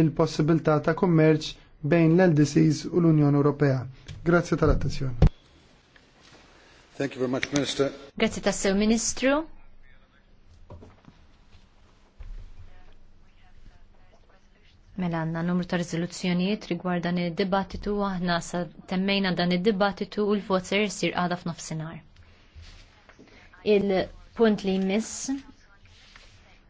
il-possibilità ta' kummerċ bejn l-LDCs u l-Unjoni Ewropea. Grazzi tal-attenzjoni. Thank you very much, Minister. Grazzi tassew, Ministru. Mela għanna numru ta' rizoluzzjonijiet rigward dan id-dibattitu aħna sa temmejna dan id-dibattitu u l-vot ser jsir għadha f'nofsinhar. Il-punt li jmiss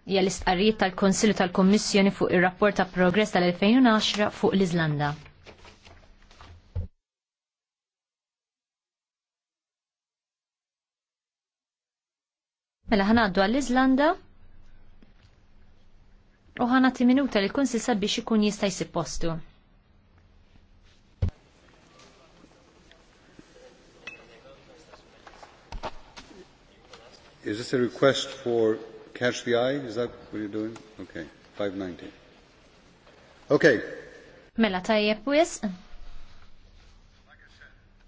hija l-istqarrijiet tal konsillu tal-Kommissjoni fuq ir-rapport ta' progress tal-2010 fuq l-Iżlanda. Mela ħanaddu għall-Iżlanda u ħanati minuta li l-Konsil sabiex ikun jista' jsib postu. Is this a request for catch the eye? Is that what you're doing? Okay, 590. Okay. Mela tajjeb wis?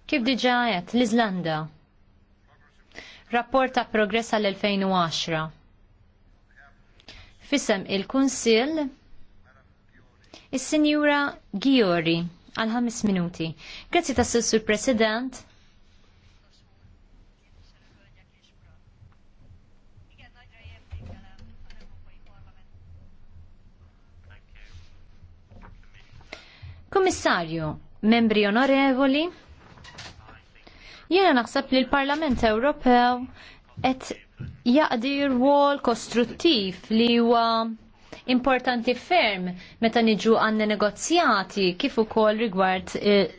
Kif diġa għajet l-Izlanda? Rapport ta' progress għal-2010. Fisem il-Kunsil, il-Sinjura Giori, għal ħames minuti. Grazzi ta' Sur President, Kummissarju, membri onorevoli, jiena naħseb li l-Parlament Ewropew qed jaqdi rwol kostruttiv li huwa importanti ferm meta niġu għanne negozjati kif ukoll rigward eh,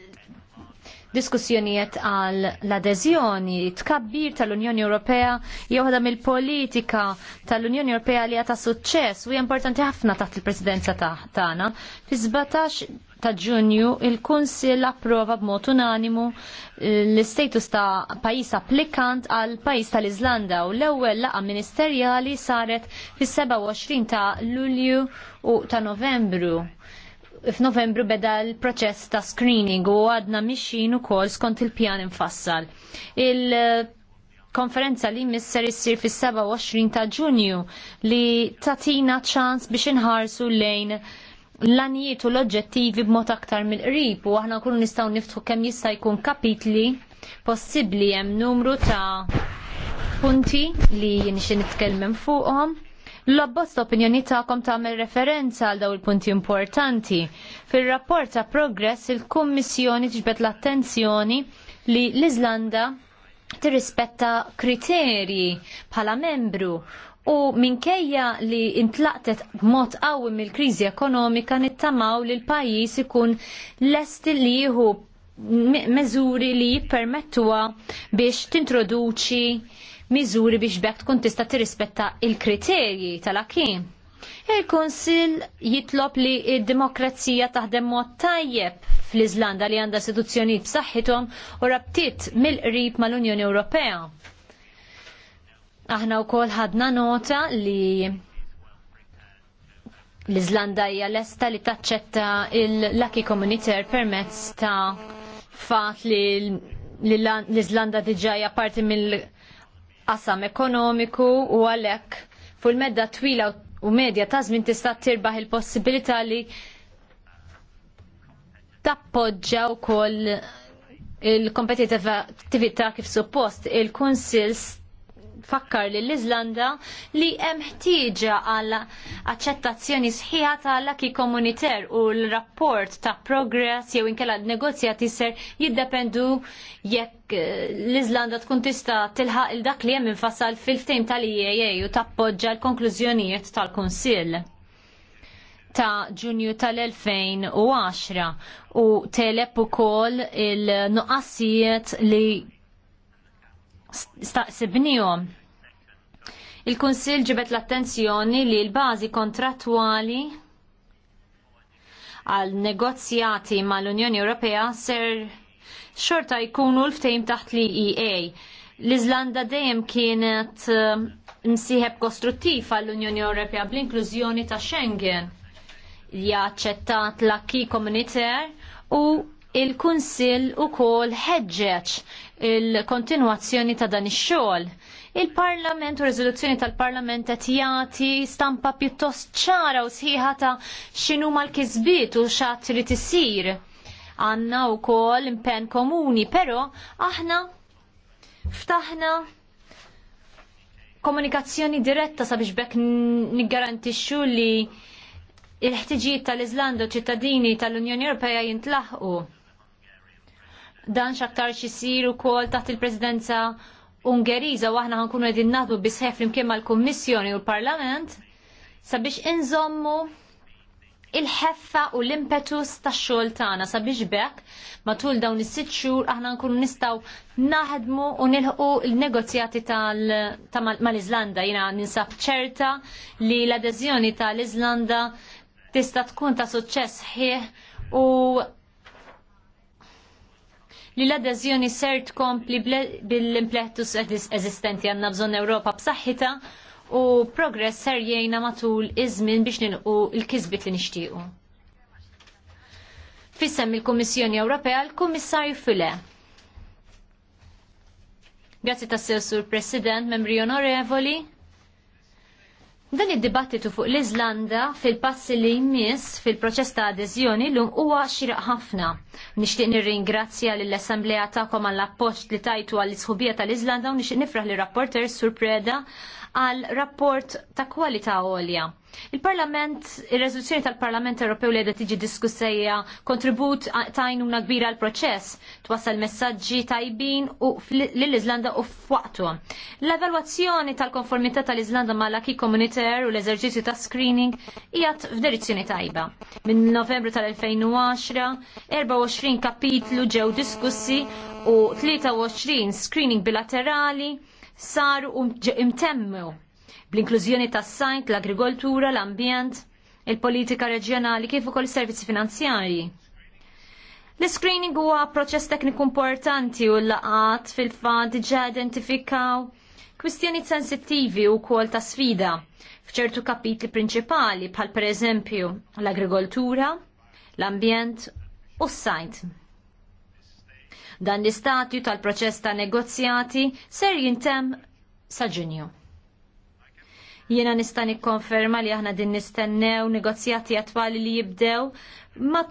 diskussjonijiet għal l-adeżjoni, tkabbir tal-Unjoni Ewropea jew ħadam mill-politika tal-Unjoni Ewropea li għata suċċess u importanti ħafna taħt il-presidenza tagħna. Fi 17 ta' ġunju il-Kunsil approva b'mod unanimu eh, l-istatus ta' pajis applikant għal pajis tal-Iżlanda u l-ewwel laqa ministerjali saret fis-27 ta' Lulju u ta' Novembru. F'Novembru beda l-proċess ta' screening u għadna mixin ukoll skont il-pjan infassal. Il- konferenza li misser issir fis-27 ta' Ġunju li tatina ċans biex inħarsu lejn l-anijiet u l-oġġettivi b'mod aktar mill-qrib u aħna nkunu nistgħu niftħu kemm jista' jkun kapitli possibbli hemm numru ta' punti li nixi nitkellmem fuqhom. L-abbozz opinjoni ta'kom tagħmel referenza għal daw il-punti importanti. Fir-rapport ta' progress il-Kummissjoni tiġbed l-attenzjoni li l-Iżlanda tirrispetta kriterji bħala membru u minkejja li intlaqtet b'mod qawwi mill-kriżi ekonomika nittamaw li l-pajjiż ikun lest li jieħu meżuri li jippermettuha biex tintroduċi miżuri biex bekk tkun tista' tirrispetta l kriterji tal-akim. Il-Konsil jitlob li id-demokrazija taħdem mod tajjeb fl-Iżlanda li għandha istituzzjonijiet b'saħħithom u rabtiet mill-qrib mal-Unjoni Ewropea. Aħna wkoll ħadna nota li l izlanda hija lesta li taċċetta il-laki komuniter permezz ta' fat li l izlanda diġaja parti mill-qasam ekonomiku u għalhekk fuq medda twila u medja ta' żmien tista' tirbaħ il-possibilità li tappoġġa wkoll il-kompetitività kif suppost il kunsils fakkar li l-Izlanda li hemm ħtieġa għal aċċettazzjoni sħiħa tal aki komuniter u l-rapport ta' progress jew inkella negozjati ser jiddependu jekk eh, l-Izlanda tkun tista tilħaq il-dak li hemm infassal fil ftim tal-IEA u tappoġġa l-konklużjonijiet tal-Kunsill ta' ġunju tal-2010 u teleb ukoll il nuqqasijiet li staqsibnijom. Il-Kunsil ġibet l-attenzjoni li l-bazi kontrattwali għal negozjati mal-Unjoni Ewropea ser xorta jkunu l-ftejm taħt li EA. L-Izlanda dejjem kienet eh, msiħeb kostruttiv għall-Unjoni Ewropea bl-inklużjoni ta' Schengen li jaċċettat l-akki komuniter u il-Kunsill ukoll ħeġġeġ il-kontinwazzjoni ta' dan ix-xogħol. Il-Parlament u riżoluzzjoni tal-Parlament qed jagħti stampa pjuttost ċara u sħiħa ta' x'inhu mal-kisbiet u x'att li tisir. Għandna wkoll impenn komuni, però aħna ftaħna komunikazzjoni diretta sabiex bekk niggarantixxu li il-ħtiġijiet tal-Iżlanda u ċittadini tal-Unjoni Ewropea jintlaħqu dan xaktar xisir u kol taħt il-presidenza Ungeriża u aħna ħankunu għedin naħdu bisħef flimkien mal-Kummissjoni u l-Parlament sabiex inżommu il-ħeffa u l-impetus tax xogħol tagħna sabiex bekk matul dawn is-sitt xhur aħna nkunu nistgħu naħdmu u nilħqu l-negozjati mal-Iżlanda. Jiena ninsab ċerta li l-adeżjoni tal-Iżlanda tista' tkun ta' suċċess ħieħ u li l-adeżjoni ser tkompli bil-impletus eżistenti għanna bżonn Ewropa b'saħħita u progress ser jgħinna matul iż-żmien biex nilqu l-kisbit li nixtiequ. Fissem il-Kummissjoni Ewropea l-Kummissarju File. Grazzi tassew Sur President, membri onorevoli, Dan id-dibattitu fuq l-Iżlanda fil-passi li jmiss fil-proċess ta' adeżjoni l huwa xiraq ħafna. Nixtieq nirringrazzja lill assemblea tagħkom għall appoġġ li tajtu għall isħubija tal-Iżlanda u nixtieq nifraħ li rapporter Sur Preda għal rapport ta' kwalità għolja. Il-Parlament, il-rezoluzzjoni tal-Parlament Ewropew li tiġi diskussejja kontribut ta' jnuna kbira għal proċess, twassal messaġġi tajbin u l-Izlanda u f'waqtu. L-evalwazzjoni tal-konformità tal-Izlanda ma' l-aki komuniter u l-eżerġizzju ta' screening jgħat f'direzzjoni tajba. Minn novembru tal-2010, 24 kapitlu ġew diskussi u 23 screening bilaterali saru imtemmu bl-inklużjoni tas-sajt, l-agrikoltura, l-ambjent, il-politika reġjonali kif ukoll is-servizzi finanzjarji. L-screening huwa proċess tekniku importanti u l-laqat fil-fat diġa identifikaw kwistjoni sensittivi u kol ta' sfida fċertu kapitli prinċipali bħal per eżempju l-agrikoltura, l-ambjent u s-sajt. Dan l-istatju tal-proċess ta' negozjati ser jintem sa' ġunju. Jiena nista' nikkonferma li aħna din nistennew negozjati attwali li jibdew ma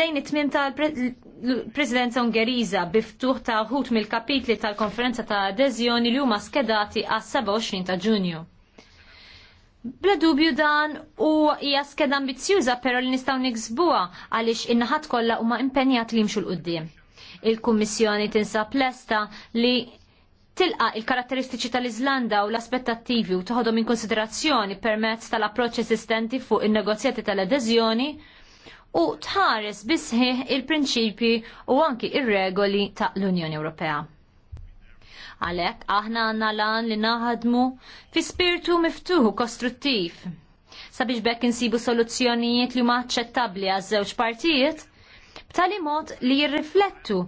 lejn it-tmim tal-Presidenza Ungeriża biftuħ ta' ħut mill-kapitli tal-konferenza ta' adeżjoni li huma skedati għas 27 ta' Ġunju. Bla dubju dan u hija skeda ambizzjuża però li nistgħu niksbuha għaliex in-naħat kollha huma impenjat li jimxu l-qudiem il-Kummissjoni tinsab lesta li tilqa il-karatteristiċi tal-Iżlanda u l-aspettattivi u toħodhom in konsiderazzjoni permezz tal-approċċ esistenti fuq in-negozjati tal-adeżjoni u tħares bisħiħ il-prinċipi u anki ir-regoli ta' l-Unjoni Ewropea. Għalek, aħna għanna lan li naħadmu fi spiritu miftuħu kostruttiv. Sabiex bekk insibu soluzzjonijiet li huma aċċettabbli għaż żewġ partijiet, tali mod li jirriflettu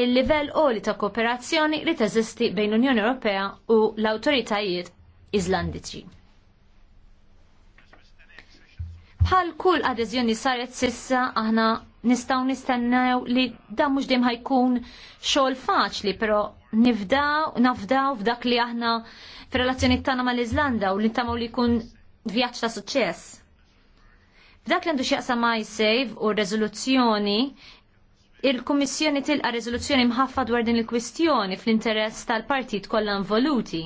il-livell oli ta' kooperazzjoni li teżisti bejn Unjoni Ewropea u l-awtoritajiet Iżlandiċi. Bħal kull adeżjoni saret sissa aħna nistaw nistennew li dan mhux dejjem ħajkun xogħol faċli, però nifdaw, nafdaw f'dak li aħna fir-relazzjoni tagħna mal-Iżlanda u li ntamaw li jkun vjaġġ ta' suċċess. Dak l-għandu xieqsa ma jisejf u rezoluzzjoni il-Kummissjoni tilqa rezoluzzjoni mħaffa dwar din il-kwistjoni fl-interess tal-partit kollha involuti.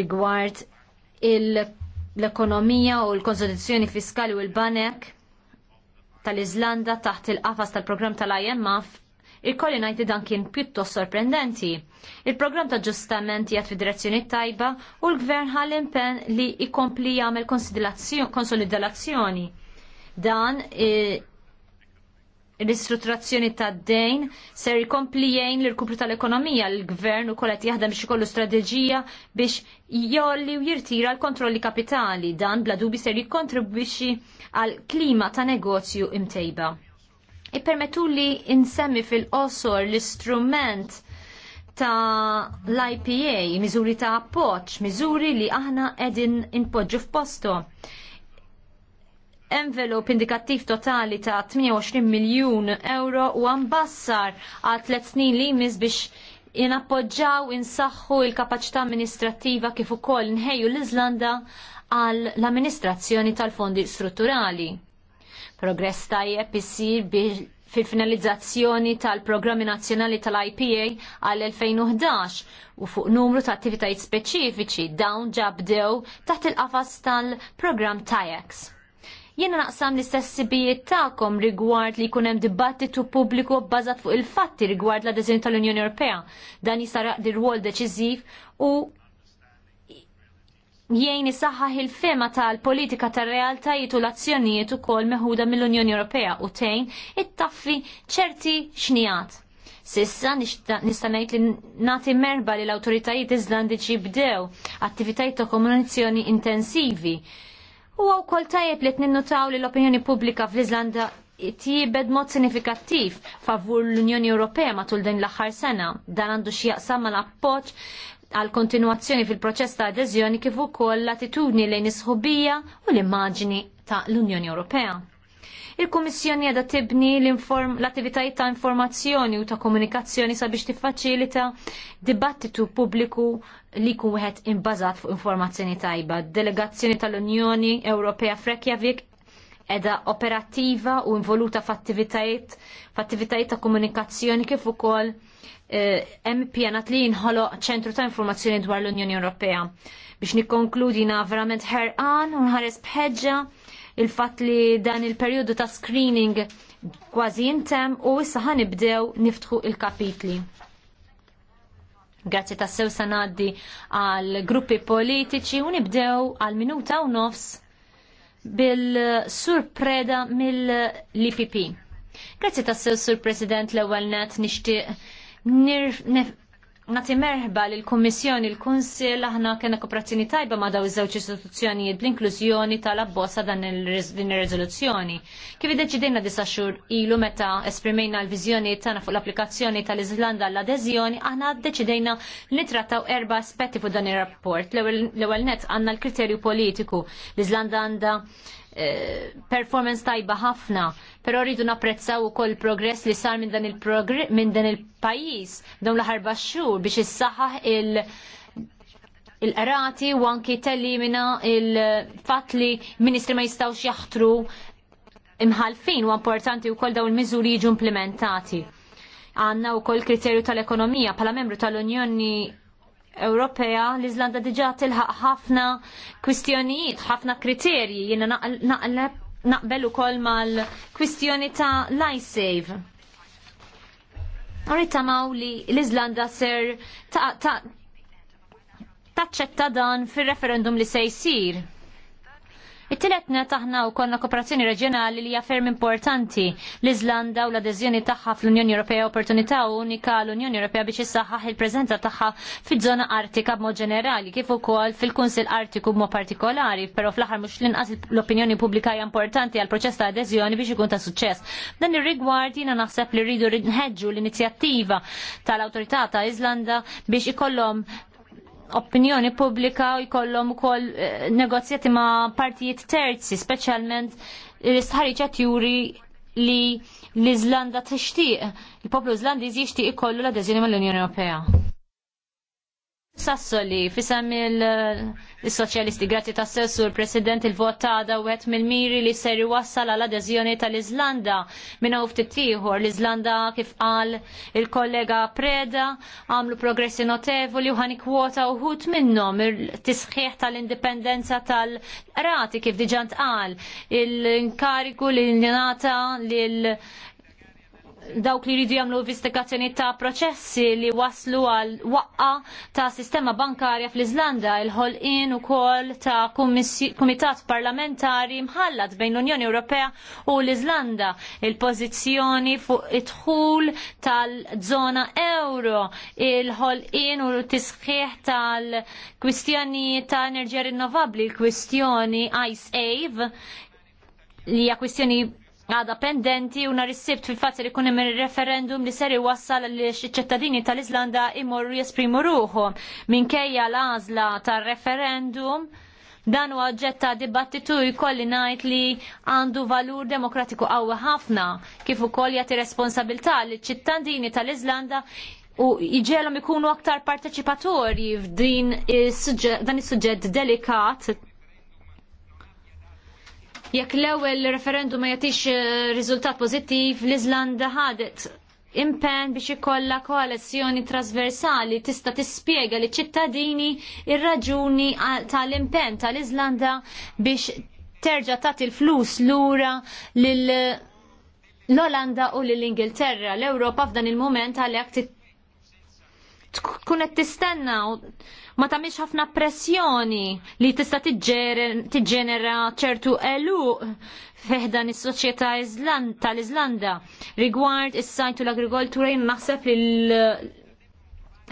Rigward l-ekonomija u l-konsolidazzjoni fiskali u l-banek tal-Iżlanda taħt il-qafas tal-programm tal-IMF Ikolli ngħid dan kien pjuttost sorprendenti. Il-programm ta' ġustament jgħat fi direzzjoni tajba u l-gvern ħal impenn li jkompli jagħmel konsolidazzjoni. Dan il e, istrutturazzjoni ta' dejn ser ikompli jgħin l-rkupru tal-ekonomija l-gvern u kollet jaħdem biex ikollu strateġija biex jolli u jirtira l-kontrolli kapitali dan bla dubi ser jikontribwixi għal klima ta' negozju imtejba. Ippermettu li insemmi fil-qosor l-istrument ta' l-IPA, miżuri ta' appoċ, miżuri li aħna edin inpoġġu f'posto. Envelop indikattiv totali ta' 28 miljun euro u għambassar għal tliet snin li jmiss biex jinappoġġaw insaħħu il-kapacità amministrattiva kif ukoll nħejju l-Iżlanda għall amministrazzjoni tal-fondi strutturali. Progress tajjeb isir fil-finalizzazzjoni tal-Programmi Nazzjonali tal-IPA għal-2011 u fuq numru ta' attivitajiet speċifiċi dawn ġabdew taħt il-qafas tal-programm TAEX. Jiena naqsam l-istess sibijiet tagħkom rigward li jkun hemm dibattitu pubbliku bbażat fuq il-fatti rigward l-adeżjoni tal-Unjoni Ewropea. Dan jisara dir-rwol deċiżiv u jgħin isaħħaħ il-fema tal-politika tar-realtajiet u l-azzjonijiet ukoll meħuda mill-Unjoni Ewropea u tgħin it-taffi ċerti xnijat. Sissa nista' ngħid li nagħti merba li l-awtoritajiet Iżlandiċi bdew attivitajiet ta' komunizzjoni intensivi. U wkoll tajjeb li tninnutaw li l-opinjoni pubblika fl-Iżlanda tjibed mod sinifikattiv favur l-Unjoni Ewropea matul din l-aħħar sena. Dan għandu xi jaqsam mal appoġġ għal kontinuazzjoni fil-proċess ta' adeżjoni kif ukoll l-attitudni lejn is-sħubija u l-immaġni ta' l-Unjoni Ewropea. Il-Kummissjoni għadha tibni l-attivitajiet ta' informazzjoni u ta' komunikazzjoni sabiex tiffaċilita dibattitu pubbliku li jkun wieħed imbażat fuq informazzjoni tajba. Delegazzjoni tal-Unjoni Ewropea Frekjavik edha operattiva u involuta f'attivitajiet f'attivitajiet ta' komunikazzjoni kif ukoll Eh, hemm pjanat li jinħoloq ċentru ta' informazzjoni dwar l-Unjoni Ewropea. Biex nikkonkludi na verament ħerqan u nħares bħeġġa il-fatt li dan il-perjodu ta' screening kważi jintem u issa ħan nibdew niftħu il-kapitli. Grazzi ta' sew sanaddi għal gruppi politiċi u nibdew għal minuta u nofs bil-surpreda mill-IPP. Grazzi ta' sew sur President l-ewwel net nixtieq Nati merħba l kummissjoni l-Kunsil aħna kena kooperazzjoni tajba ma daw iż-żewġ istituzzjonijiet bl-inklużjoni tal-abbozza dan din ir-riżoluzzjoni. Kif iddeċidejna disa xhur ilu meta esprimejna l-viżjoni tagħna fuq l-applikazzjoni tal-Iżlanda għall adeżjoni aħna ddeċidejna li trattaw erba' aspetti fuq dan ir-rapport. L-ewwel net għandna l-kriterju politiku. L-Iżlanda għandha Eh, performance tajba ħafna, pero rridu napprezzaw ukoll progress li sar minn dan il-pajjiż dawn l-ħarba xhur biex issaħħaħ il- il-qrati u anki tellimina il-fat li ministri ma jistawx jaħtru imħalfin u importanti u koll daw il-mizuri jiġu implementati. Għanna u koll kriterju tal-ekonomija pala membru tal-Unjoni Ewropea l-Iżlanda diġa tilħaq ħafna kwistjonijiet, ħafna kriterji jiena naqleb naqbel ukoll mal-kwistjoni ta' LifeSave. Rrit tamaw li l-Iżlanda ser taċċetta dan fir referendum li se jsir. It-tielet net aħna wkollna kooperazzjoni reġjonali li hija ferm importanti. L-Iżlanda u l-adeżjoni tagħha fl-Unjoni Ewropea opportunità unika l-Unjoni Ewropea biex issaħħaħ il-preżenza tagħha fiż-żona Artika b'mod ġenerali kif ukoll fil-Kunsil Artiku b'mod partikolari, però fl-aħħar mhux l-inqas l-opinjoni pubblika hija importanti għal proċess ta' adeżjoni biex ikun ta' suċċess. Dan ir-rigward jiena naħseb li rridu nħeġġu l-inizjattiva tal-awtorità ta' Iżlanda biex ikollhom opinjoni pubblika u jkollhom ukoll eh, negozjati ma' partijiet terzi, speċjalment l-istħarriġa juri li l-Iżlanda tixtieq, il-poplu Iżlandiż jixtieq ikollu l-adeżjoni mal-Unjoni Ewropea. Sassoli, fissam il-Soċjalisti, grazzi ta' sessur President il-votada u wet mil-miri li seri wassal għal adeżjoni tal-Izlanda minna uftittiħor. L-Izlanda kif qal il-kollega Preda għamlu progressi notevoli u ħani kwota uħut minnom il-tisħiħ tal-indipendenza tal-rati kif diġant għal il-inkariku li nata l dawk li jridu jagħmlu investigazzjoni ta' proċessi li waslu għal waqqa ta' sistema bankarja fl-Iżlanda, il-ħolqien ukoll ta' kumitat parlamentari mħallat bejn l-Unjoni Ewropea u l-Iżlanda, il-pożizzjoni fuq id-dħul tal-żona euro, il-ħolqien u t tisħiħ tal-kwistjoni ta' enerġija rinnovabbli, l kwistjoni Ice Ave, li hija kwistjoni għada pendenti u nar is-sibt fil-fatt li kunem referendum li ser iwassal li ċittadini tal-Iżlanda imorru jesprimu minn minkejja l-għażla tar-referendum dan huwa oġġett ta' dibattitu jkolli ngħid li għandu valur demokratiku qawwi ħafna kif ukoll jagħti responsabilità li ċittadini tal-Iżlanda u iġelom ikunu aktar parteċipatori f'din dan is-suġġett delikat Jekk l-ewwel referendum ma jagħtix eh, riżultat pożittiv, l-Iżlanda ħadet impen biex ikollha koalizzjoni trasversali tista' tispjega li ċittadini ir-raġuni tal-impen tal-Iżlanda biex terġa' tagħti l-flus lura lil l-Olanda u l-Ingilterra. L-Ewropa f'dan il-moment għalhekk tkun qed tistenna u ma tagħmilx ħafna pressjoni li tista' tiġġenera ċertu eluq dan is-soċjetà tal-Iżlanda rigward is sajtu l-agrikoltura jien naħseb li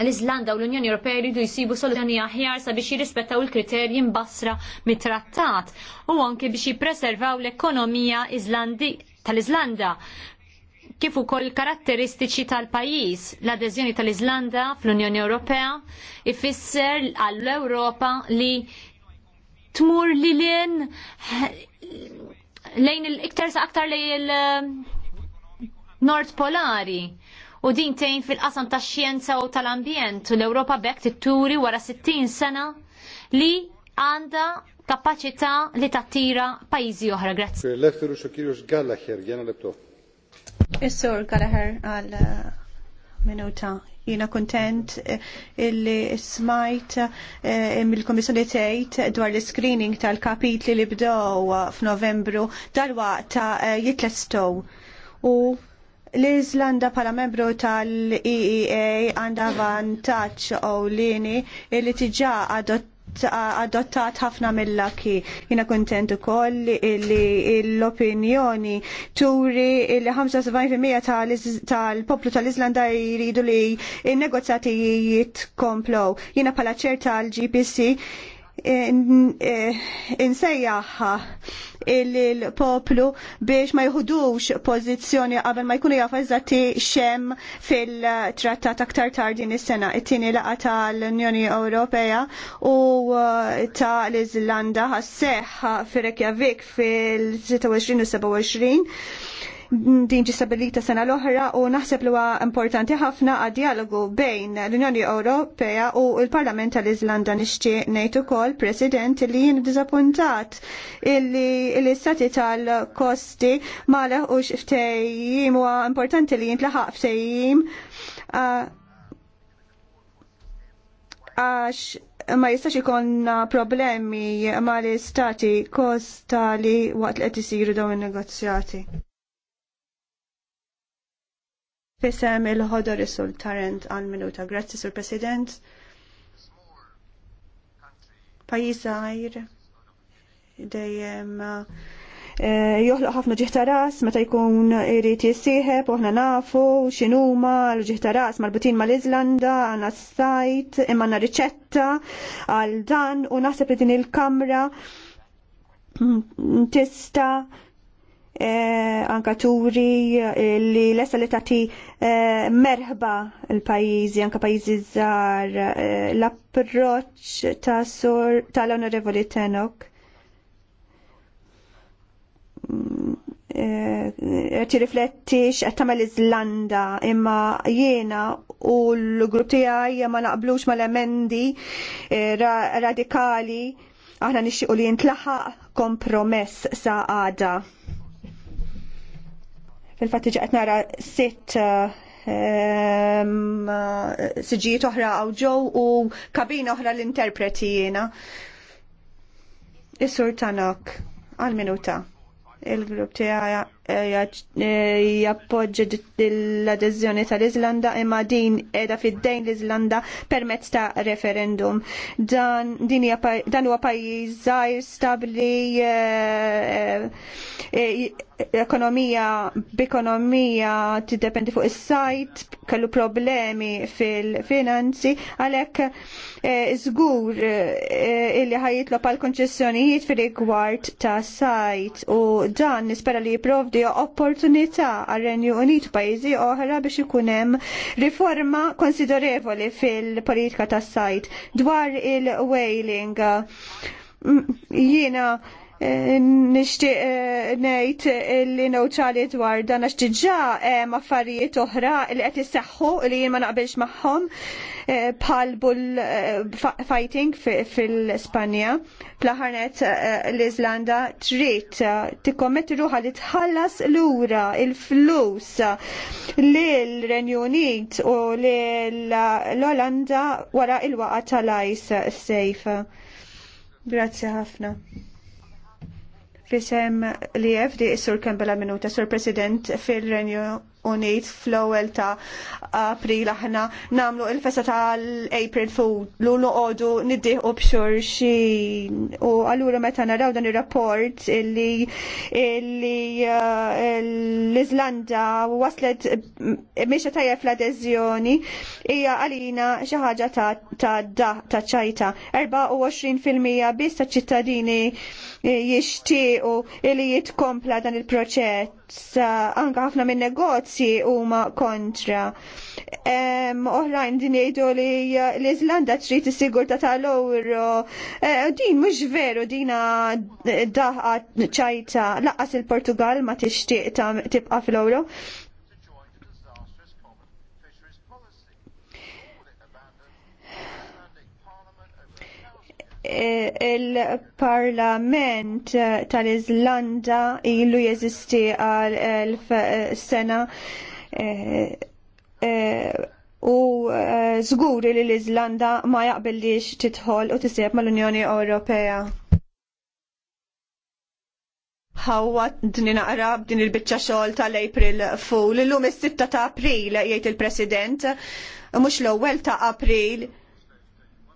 l-Iżlanda u l-Unjoni Ewropea jridu jsibu soluzzjoni aħjar sabiex jirrispettaw il-kriterji mbassra mit-trattat u anke biex jippreservaw l-ekonomija tal-Iżlanda kif ukoll karatteristiċi tal-pajjiż. L-adeżjoni tal-Iżlanda fl-Unjoni Ewropea ifisser għall-Ewropa li tmur li lejn iktar sa' aktar lejn il-Nord eh, Polari u din tejn fil-qasam tax xjenza u tal-ambjent u l-Ewropa bekk titturi wara 60 sena li għanda kapaċità li tattira pajjiżi oħra. Grazzi. Is-sur Gallagher għal uh, minuta. Jina kontent eh, illi smajt mill-Komissjoni eh, tgħid dwar l-screening tal-kapitli li bdew uh, f'Novembru dalwaqt ta' eh, jitlestow. U l-Iżlanda pala membru tal-EEA għandha vantaġġ ewlieni li tiġà adott adottat ħafna mill-laki. Jina kontent ukoll li l-opinjoni turi li 75% tal-poplu tal-Islanda jridu li n-negozjati jitkomplow. Jina pala ċerta l-GPC Eh, insejjaħħa il-poplu biex ma jħudux pozizjoni qabel ma jkunu jafu eżatti xem fil-trattat aktar din is-sena it-tieni laqa tal-Unjoni Ewropea u eh, ta' l-Iżlanda ħasseħ fir rekjavik fil-26 u 27 din ġisabilita sena l-oħra u naħseb li huwa importanti ħafna għad dialogu bejn l-Unjoni Ewropea u l-Parlament tal-Iżlanda nixtieq ngħid ukoll President li jien diżappuntat illi l-istati tal-kosti ma leħqux ftejjim huwa importanti li jintlaħaq ftejjim għax ma jistax ikon problemi ma l-istati kosta li waqt li qed isiru dawn in-negozjati. Fisem il-ħodor isul Tarent għal minuta. Grazzi sur President. Pajizajr, dejjem eh, joħloq ħafna ġiħta ras meta jkun irid jissieħeb uħna aħna nafu x'inhuma l-ġiħta ras marbutin mal-Iżlanda għanna s-sajt imma riċetta għal dan u naħseb li din il-kamra tista' Eh, anka turi eh, li lesa li tagħti eh, merħba l-pajjiżi anka pajizi żgħar l-approċċ ta' sur tal-Onorevoli Tenok. Mm, ti riflettix qed tagħmel Iżlanda imma jiena u l-grupp tiegħi ma naqblux mal-emendi radikali aħna u li jintlaħaq kompromess sa' għada Fil-fatt iġa nara sitt ehm, siġijiet oħra għaw ġew u kabina oħra l-interpreti jiena. Is-sur Tanok għal-minuta. Il-grupp tiegħi Eh, jappoġġi l-adeżjoni tal-Iżlanda imma din edha fid-dejn l-Iżlanda permezz ta' referendum. Dan huwa pajjiż żgħir stabbli eh, eh, ekonomija b'ekonomija tiddependi fuq is-sajt, kellu problemi fil-finanzi, għalhekk żgur illi ħajitlob għal konċessjonijiet fir-rigward ta' sajt u dan nispera li jipprovdi nofdi opportunità għal-Renju Unit pajjiżi oħra biex ikun hemm riforma konsiderevoli fil-politika tas-sajt dwar il-whaling. Jiena Eh, nishtiq eh, nejt eh, li neutrali dwar dan għax diġà hemm affarijiet oħra li qed isseħħu li jien ma naqbilx magħhom bħal bull fighting fil-Spanja. Plaħarnet l-Iżlanda trid tikkommetti ruħa li tħallas lura il-flus lil renju Unit u lil olanda wara il-waqa tal-ajs sejf. Grazzi ħafna. Fisem li jefdi Sur Kembela Minuta, Sur President fil-Renju Unit fl-ewwel ta' April aħna namlu il-festa tal-April Food l noqogħdu niddieħu b'xurxin u allura meta naraw dan ir-rapport illi illi eh, l-Iżlanda waslet eh, miexa tajja fl-adeżjoni hija għalina xi ħaġa ta' da ta' ċajta. 24% biss ta' ċittadini jixtiequ illi jitkompla dan il-proċett anka ħafna minn negozji huma kontra. Oħrajn din jgħidu li l-Iżlanda trid is ta' tal-ewro. E, din mhux veru dina daħqa ċajta laqas il-Portugal ma tixtieq tibqa' fl-ewro. Eh, il-Parlament eh, tal-Iżlanda ilu jeżisti għal elf eh, sena u żguri li l-Iżlanda ma jaqbillix titħol u tisjeb mal-Unjoni Ewropea. Ħawwa din naqra b'din il-biċċa xogħol tal-April Fool. Illum is-6 ta' April jgħid il-President mhux l-ewwel ta' April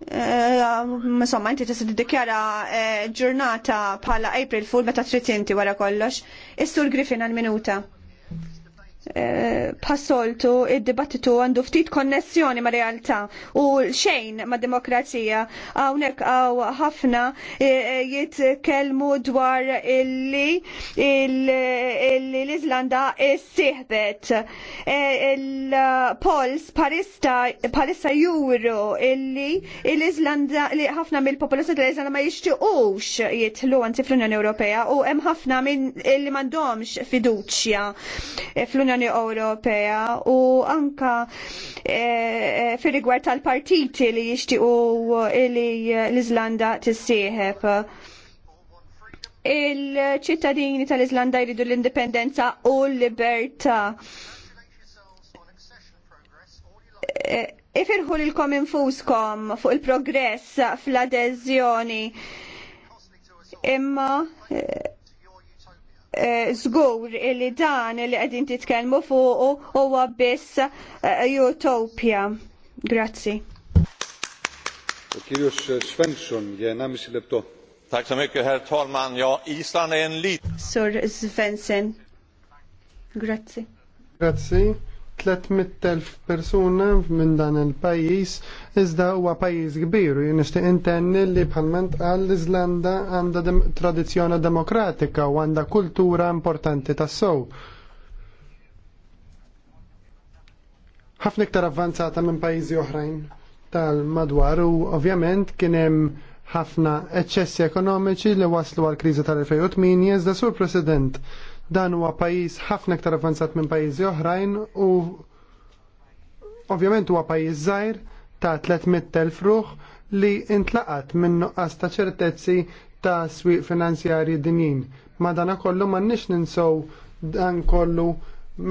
Insomma, eh, inti tista' tiddikjara eh, ġurnata bħala April Fool meta trid inti wara kollox. Is-Sur Griffin għal-minuta. Eh, passoltu id-dibattitu għandu ftit konnessjoni ma' realtà u xejn ma' demokrazija hawnhekk għaw ħafna eh, jitkellmu dwar illi l s-sihbet eh, il-Pols palissa juru illi l izlanda li ħafna mill-popolazzjoni tal-Iżlanda ma jixtiequx jitlu għanti fl-Unjoni Ewropea u hemm ħafna minn illi m'għandhomx fiduċja fl-Unjoni l unjoni Ewropea u anka eh, eh, fil-rigward tal-partiti li jixtiequ li eh, l-Iżlanda tissieħeb. Il-ċittadini tal-Iżlanda jridu l-indipendenza u l-libertà. E, Ifirħu l-kom infuskom fuq il-progress fl-adeżjoni imma zgur eh, li dan li għedin titkelmu fuq huwa biss eh, utopia. Grazzi. Kirjus Svensson, jena mislibtu. Tack så mycket, herr talman. Ja, Island är en liten... Sir Svensson. Grazie. Grazie. 300.000 persuna minn dan il-pajis, iżda huwa pajis kbir u nixtieq intenni li bħalment għall iżlanda għandha dem tradizzjoni demokratika u għandha kultura importanti tas-sow. ħafna iktar avvanzata minn pajjiżi oħrajn tal-madwar u ovvjament kien hemm ħafna eċċessi ekonomiċi li waslu għal kriżi tal-2008 iżda sur President Dan huwa pajjiż ħafna iktar avanzat minn pajjiżi oħrajn u ovvjament huwa pajjiż żgħir ta' 300,000 ruħ li intlaqat minn nuqqas ta' ċertezzi ta' swieq finanzjarji dinjin. Madana kollu nix ninsow dan kollu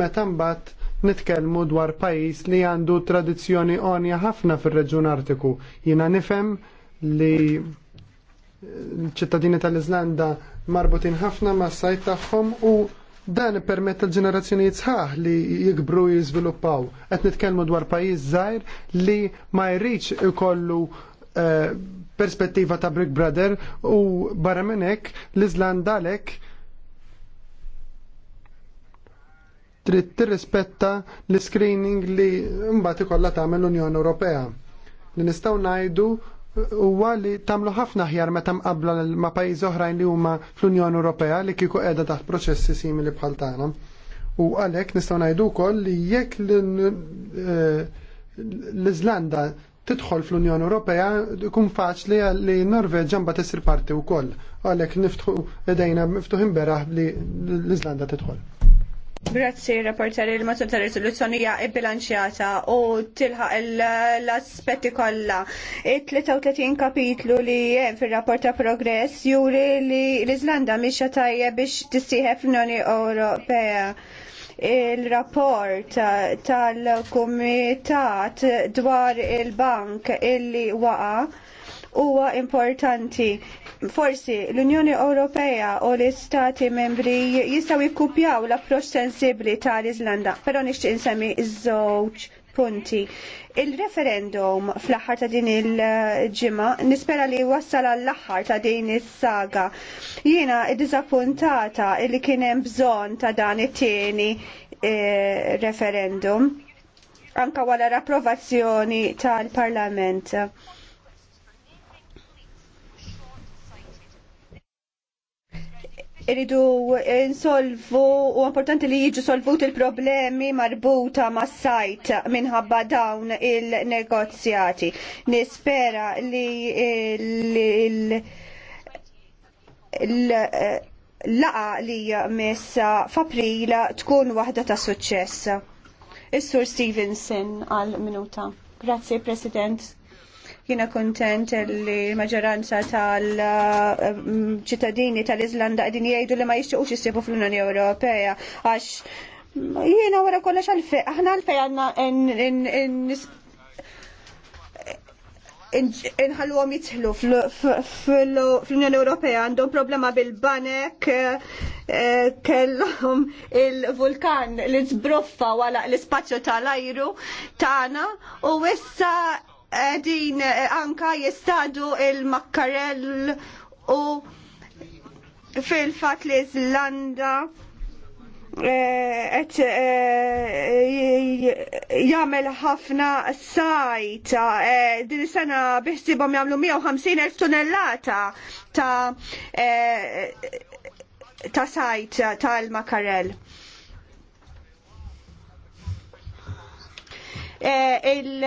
meta mbagħad nitkellmu dwar pajis li għandu tradizzjoni onja ħafna fir-reġjun Artiku. Jina nifhem li ċittadini tal-Iżlanda marbutin ħafna ma' sajt tagħhom u dan permetta l-ġenerazzjonijiet sħaħ li jikbru jiżviluppaw. Qed nitkellmu dwar pajjiż żgħir li ma jridx ikollu eh, perspettiva ta' Brick Brother u barra minn hekk l-Iżlanda għalhekk trid tirrispetta l-screening li mbagħad ikollha tagħmel l-Unjoni Ewropea. Li nistgħu ngħidu huwa li tagħmlu ħafna ħjar meta mqabbla ma' pajjiżi oħrajn li huma fl-Unjoni Ewropea li kieku qiegħda taħt proċessi simili bħal tagħna. U għalhekk nistgħu ngħidu wkoll li jekk eh, l-Iżlanda tidħol fl-Unjoni Ewropea ikun faċli li Norveġġa mbagħad tisir parti wkoll. Għalhekk niftħu edejna miftuħin beraħ li l-Iżlanda tidħol. Grazzi, rapportari il-motu ta' risoluzzjoni hija bilanċjata u tilħaq l-aspetti kollha. It-33 kapitlu li hemm fir-rapport ta' progress juri li l-Iżlanda mhixa tajja biex tissieħeb l unjoni Ewropea il-rapport tal-Kumitat dwar il-Bank illi waqa' huwa importanti Forsi l-Unjoni Ewropea u l-Istati membri jistaw jikkupjaw l-approċ sensibli tal-Iżlanda, pero nixtieq insemmi iż-żewġ punti. Il-referendum fl-aħħar ta' din il-ġimgħa nispera li wassal għall-aħħar ta' din is-saga. Jiena iddiżappuntata li kien hemm bżonn ta' dan it-tieni eh, referendum anka wara l-approvazzjoni tal-Parlament. Iridu eh, insolvu u importanti li jiġu solvut il-problemi marbuta ma' sajt minħabba dawn il-negozjati. Nispera li il- eh, laqa li messa f'April tkun waħda ta' suċċess. Is-Sur Stevenson għal minuta. Grazie, President. Jina kontent li maġoranza tal-ċittadini tal-Izlanda għedin jgħidu li ma jixtiqux jisibu fl-Unjoni Ewropea għax jiena wara kollox għalfej, aħna għalfej għanna inħallu għom jitħlu fl-Unjoni Ewropea għandhom problema bil-banek eh, kellhom il-vulkan li zbruffa wala l-spazju tal-ajru tagħna u wissa Din eh, anka jistadu il-makkarell u fil-fat li Zlanda eh, et eh, jagħmel ħafna sajta, din is-sena biħsibom jagħmlu 150,000 tonnellata ta' ta' sajt tal-makarel. il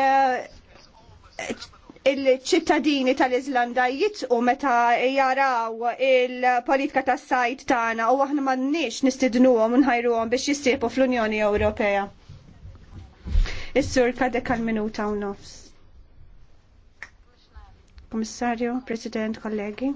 il-ċittadini tal-Iżlanda jitqu meta jaraw il-politika tas sajt tagħna u aħna m'għandniex nistidnuhom nħajruhom biex jissieħbu fl-Unjoni Ewropea. Is-sur kadek għal minuta u nofs. Komissarju, President, kollegi.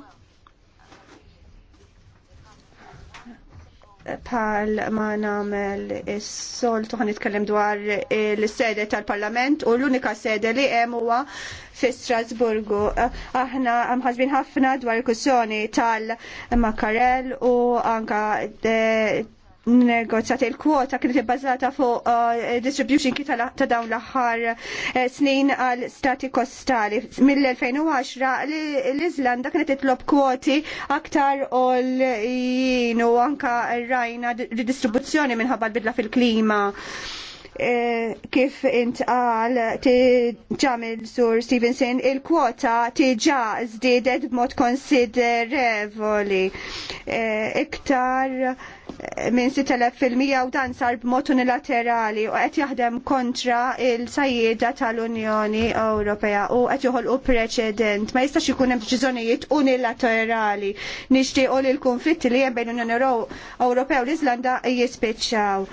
pal ma namel is-soltu ħan nitkellem dwar l-sede tal-Parlament u l-unika sede li hemm huwa fi Strasburgu. Aħna mħasbin ħafna dwar il-kussjoni tal-Makarel u anka negozjat il-kwota kienet ibbażata fuq eh, distribution kit ta' dawn l-aħħar eh, snin għal stati kostali. Mill-2010 l-Iżlanda kienet titlob kwoti aktar u l jienu anka rajna ridistribuzzjoni minħabba bidla fil-klima. Eh, kif intqal ġamil sur Stevenson, il-kwota tiġa żdiedet b'mod konsiderevoli. Iktar minn 6.000% u dan sar b'mod unilaterali u qed jaħdem kontra il-sajjieda tal-Unjoni Ewropea u qed joħolqu preċedent. Ma jistax ikun hemm deċiżjonijiet unilaterali nixtiequ li l li hemm bejn unjoni Ewropea u l-Iżlanda jispiċċaw.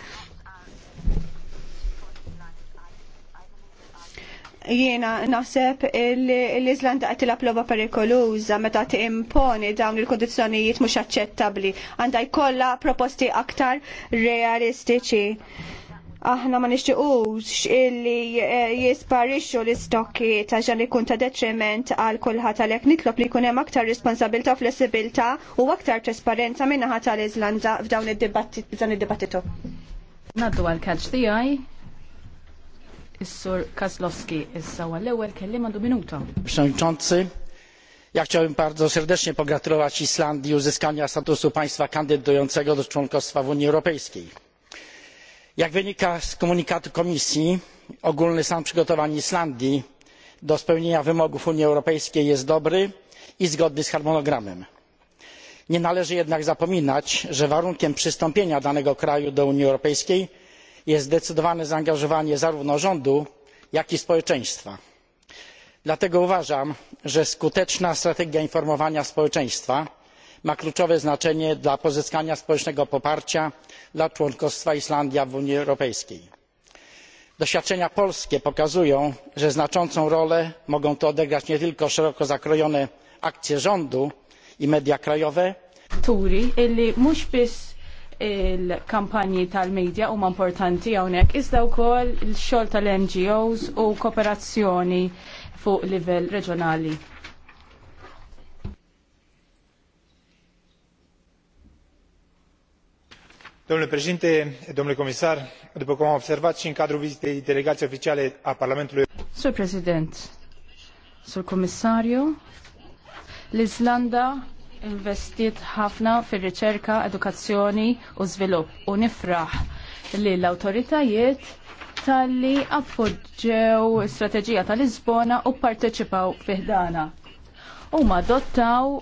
jiena naħseb l-Iżlanda qed tilab perikoluża meta timponi dawn il-kondizzjonijiet mhux aċċettabbli. Għandha jkollha proposti aktar realistiċi. Aħna ma nixtiequx illi eh, jisparixxu l-istokki ta' ġan ikun ta' detriment għal kulħadd għalhekk nitlob li jkun hemm aktar responsabilta flessibilità u aktar trasparenza min-naħa tal-Iżlanda f'dawn id-dibattitu. Naddu għal-kalċ tiegħi Is-Sur Kazlowski issa għall-ewwel kelliem għandu minuta. Przewodniczący, ja chciałbym bardzo serdecznie pogratulować Islandii uzyskania statusu państwa kandydującego do członkostwa w Unii Europejskiej. Jak wynika z komunikatu Komisji, ogólny stan przygotowań Islandii do spełnienia wymogów Unii Europejskiej jest dobry i zgodny z harmonogramem. Nie należy jednak zapominać, że warunkiem przystąpienia danego kraju do Unii Europejskiej jest zdecydowane zaangażowanie zarówno rządu jak i społeczeństwa. dlatego uważam że skuteczna strategia informowania społeczeństwa ma kluczowe znaczenie dla pozyskania społecznego poparcia dla członkostwa islandii w unii europejskiej. doświadczenia polskie pokazują że znaczącą rolę mogą tu odegrać nie tylko szeroko zakrojone akcje rządu i media krajowe il-kampanji tal-medja huma importanti hawnhekk iżda wkoll il xol tal-NGOs u kooperazzjoni fuq livell reġjonali. Domnule președinte, domnule comisar, după cum am observat și în cadrul vizitei delegației oficiale a Parlamentului... Sur President, Sur Comisario, l investit ħafna fir-riċerka, edukazzjoni u żvilupp u nifraħ li l-awtoritajiet tal-li appoġġew strateġija tal-Lisbona u parteċipaw fiħdana. U adottaw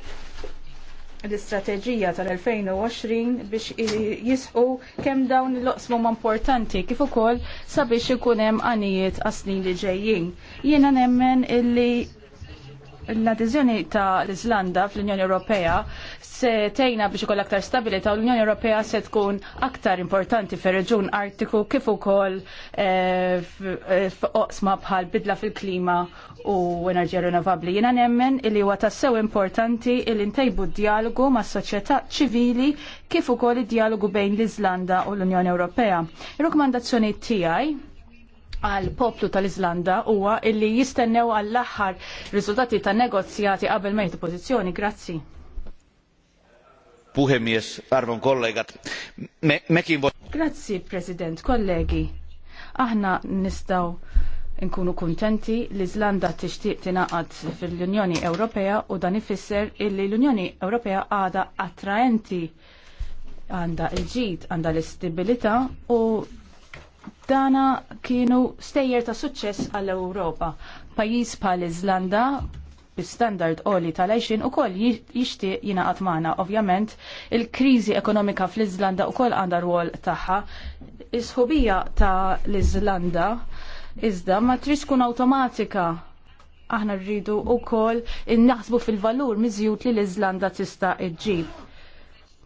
l-istrateġija tal-2020 biex jisħu kemm dawn l-oqsmu importanti kif ukoll sabiex ikun hemm għanijiet għasni snin li ġejjin. Jiena nemmen illi l-adeżjoni ta' l islanda fl-Unjoni Ewropea se tejna biex ikoll aktar stabilita u l-Unjoni Ewropea se tkun aktar importanti fir reġun Artiku kif ukoll eh, eh, f'oqsma bħal bidla fil-klima u enerġija rinnovabbli. Jiena nemmen illi huwa tassew importanti illi ntejbu d-dialogu mas soċjetà ċivili kif ukoll id-dialogu bejn l-Iżlanda u l-Unjoni Ewropea. Ir-rakkomandazzjoni tiegħi għal poplu tal izlanda huwa illi jistennew għall aħħar riżultati ta' negozjati qabel ma jieħdu pożizzjoni. Grazzi. Puhemies, arvon kollegat. Grazzi, President, kollegi. Aħna nistaw nkunu kuntenti li Zlanda tixtieq tingħaqad fil-Unjoni Ewropea u dan ifisser illi l-Unjoni Ewropea għadha attraenti għandha l-ġid, għandha l-istibilità u dana kienu stejjer ta' suċċess għall-Ewropa. Pajjiż bħal Iżlanda bi-standard oli tal-għajxin u koll jishti jina għatmana. Ovjament, il-krizi ekonomika fl-Izlanda u koll għandar rwol taħħa. Isħobija ta' l iżlanda iżda ma triskun automatika aħna rridu u koll naħsbu fil-valur mizjut li l iżlanda tista' iġġib.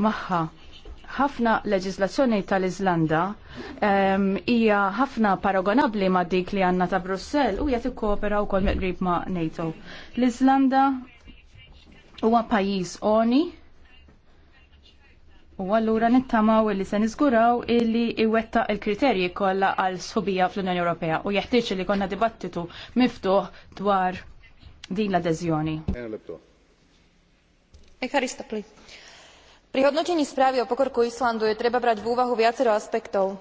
Maħħa, ħafna leġislazzjoni tal-Iżlanda hija um, ħafna paragonabbli ma' dik li għandna ta' Brussell u jagħti koopera wkoll meqrib ma' NATO. L-Iżlanda huwa pajjiż oni u allura nittamaw li se niżguraw illi iwetta il-kriterji kollha għal sħubija fl-Unjoni Ewropea u jeħtieġ li konna dibattitu miftuħ dwar din l-adeżjoni. Ekarista, please. Pri hodnotení správy o pokorku Islandu je treba brať v úvahu viacero aspektov.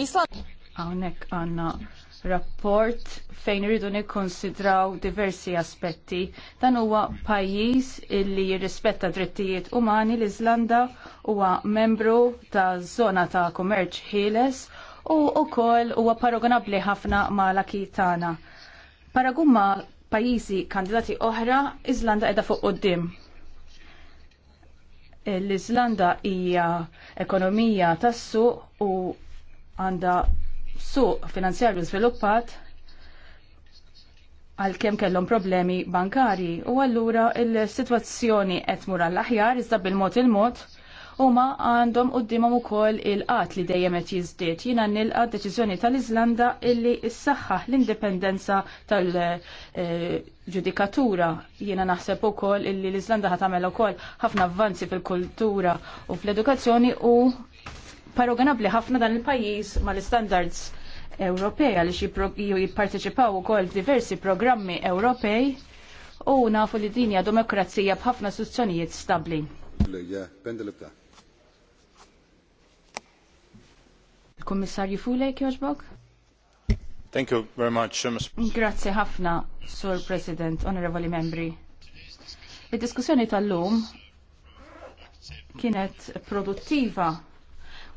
Island... Għawnek Anna. rapport fejn rridu nikkonsidraw diversi aspetti. Dan huwa pajjiż illi jirrispetta drittijiet umani l-Iżlanda huwa membru ta' żona ta' kummerċ ħieles u wkoll huwa paragonabli ħafna ma' l-Akitana. Paragun ma' pajjiżi kandidati oħra, Iżlanda qiegħda fuq quddiem. L-Iżlanda hija ekonomija tas-suq u għandha suq finanzjarju żviluppat għalkemm kellhom problemi bankari u allura il sitwazzjoni qed mura għall-aħjar iżda bil-mod il-mod il mod huma għandhom qudiemhom ukoll il-qat li dejjem qed jiżdied. Jiena nilqa deċiżjoni tal-Iżlanda illi issaħħaħ l-indipendenza tal-ġudikatura. Jiena naħseb ukoll illi l-Iżlanda ħad tagħmel ukoll ħafna avvanzi fil-kultura u fl-edukazzjoni u paragonabli ħafna dan il-pajjiż mal istandards Ewropea li jipparteċipaw ukoll f'diversi programmi Ewropej u nafu li dinja demokrazija b'ħafna istituzzjonijiet stabbli. kummissarju Fulek Thank you very much, uh, Mr. Grazie ħafna, Sur President, Onorevoli Membri. Id-diskussjoni tal-lum kienet produttiva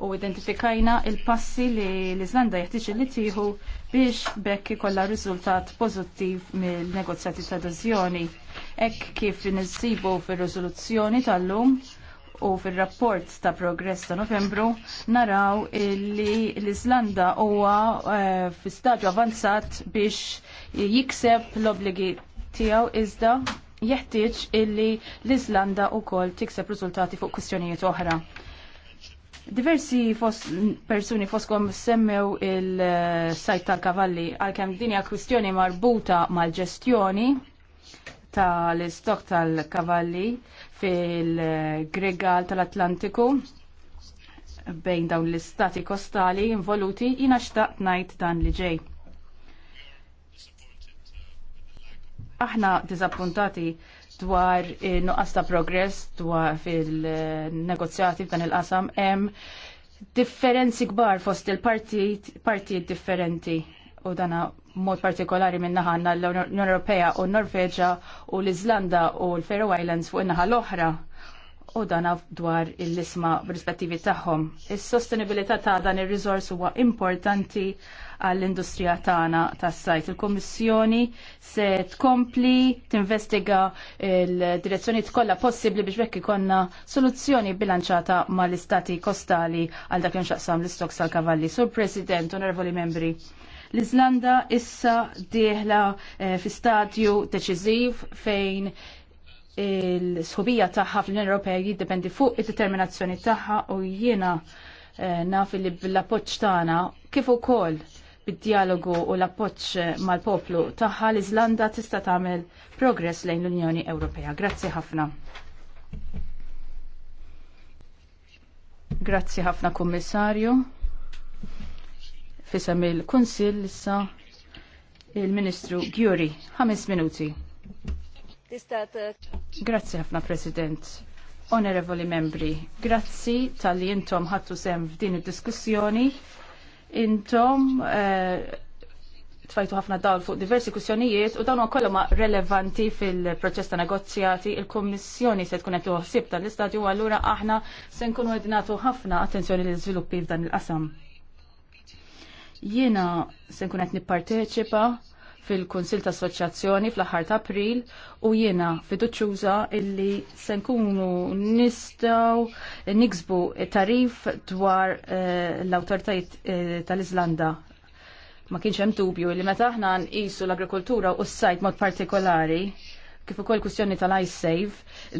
u identifikajna il-passi li l-Iżlanda jħtieġ li tieħu biex bekk ikollha riżultat pożittiv mill-negozjati ta' dażjoni. Hekk kif nisibu fir-riżoluzzjoni tal-lum u fil-rapport ta' progress ta' novembru naraw li l-Islanda huwa eh, fi stadju avanzat biex jikseb l-obligi tiegħu iżda jeħtieġ illi l-Islanda wkoll tikseb riżultati fuq kwistjonijiet oħra. Diversi fos, persuni foskom semmew il-sajt eh, tal-kavalli, għalkemm dinja kwistjoni marbuta mal-ġestjoni tal-istok tal-kavalli fil-Gregal tal-Atlantiku bejn dawn l-istati kostali involuti jina xtaqt najt dan li ġej. Aħna dizappuntati dwar nuqqas ta' progress dwar fil-negozjati f'dan il-qasam hemm differenzi kbar fost il-partijiet differenti u dana mod partikolari minnaħanna l-Unjoni Ewropea u Norveġa u l izlanda u l-Faroe Islands fuq in-naħa l-oħra u dana dwar il-isma rispettivi tagħhom. Is-sostenibilità ta' dan ir-riżors huwa importanti għall-industrija tagħna tas-sajt. Il-Kummissjoni se tkompli tinvestiga l-direzzjonijiet kollha possibbli biex bekk ikonna soluzzjoni bilanċata mal-istati kostali għal dak li l-istoks tal-kavalli. Sur President, onorevoli membri, l izlanda issa dieħla eh, fi stadju deċiżiv fejn il-sħubija tagħha fl-Unjoni Ewropea jiddependi fuq id-determinazzjoni tagħha u jiena eh, naf li bl-appoġġ tagħna kif ukoll bid-dialogu u l-appoġġ eh, mal-poplu tagħha l-Iżlanda tista' tagħmel progress lejn l-Unjoni Ewropea. Grazzi ħafna. Grazzi ħafna, Kummissarju. Fisem il-Kunsil issa il-Ministru Gjuri, ħames minuti. Eh, grazzi ħafna President. Onorevoli membri, grazzi tal-li intom ħattu sem f'din id-diskussjoni. Intom eh, tfajtu ħafna dawl fuq diversi kussjonijiet u dawn kollu ma relevanti fil-proċess ta' negozjati, il-Kummissjoni se tkun qed tuħsib tal-istadju allura aħna se nkunu qed nagħtu ħafna attenzjoni lill-iżviluppi f'dan il-qasam. Jiena se nkun qed nipparteċipa fil-Kunsil ta' Assoċjazzjoni fl-aħħar ta' April u jiena fiduċjuża illi se nkunu nistgħu niksbu tarif dwar eh, l-awtoritajiet eh, tal-Iżlanda ma kienx hemm dubju li meta aħna nqisu l-agrikoltura u s-sajt mod partikolari kif ukoll kwistjoni tal save,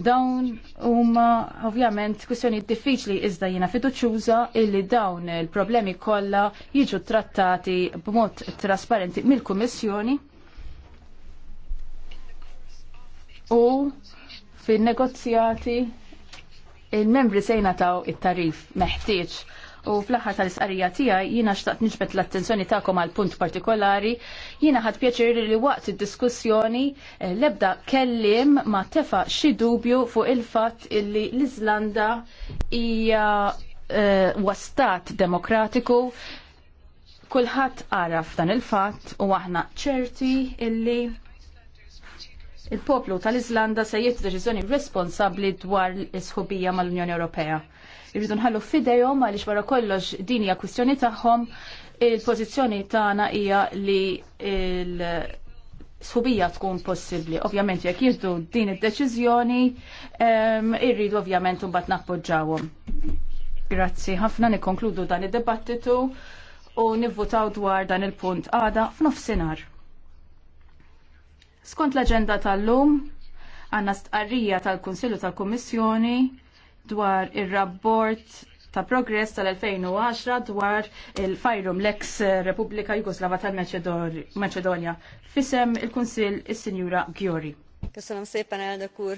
dawn huma ovvjament kwistjoni diffiċli iżda jiena fiduċjuża illi dawn il-problemi kollha jiġu trattati b'mod trasparenti mill-Kummissjoni u fin-negozjati il-membri se taw it-tarif meħtieġ u fl-aħħar tal-isqarija tiegħi jiena xtaqt niġbet l-attenzjoni tagħkom għal punt partikolari. Jiena ħadd pjaċir li waqt id-diskussjoni eh, lebda kellim ma tefa xi dubju fuq il-fatt illi l-Iżlanda hija eh, wastat demokratiku kulħadd araf dan il-fatt u aħna ċerti illi il-poplu tal-Iżlanda se jitt deċiżjoni responsabbli dwar l-isħubija mal-Unjoni Ewropea irridu nħallu fidejhom għaliex wara kollox din hija kwistjoni tagħhom. Il-pożizzjoni tagħna hija li il sħubija tkun possibbli. Ovvjament jekk jieħdu din id-deċiżjoni, irridu ovvjament mbagħad nappoġġawhom. Grazzi ħafna nikkonkludu dan id-dibattitu u nivvutaw dwar dan il-punt għada f'nofsinhar. Skont l-aġenda tal-lum, għandna stqarrija tal-Kunsillu tal-Kummissjoni dwar ir-rapport ta' progress tal-2010 dwar il-fajrum l-ex Repubblika Jugoslava tal-Macedonia. Fisem il-Kunsil is-Sinjura Gjori. Köszönöm szépen, elnök úr!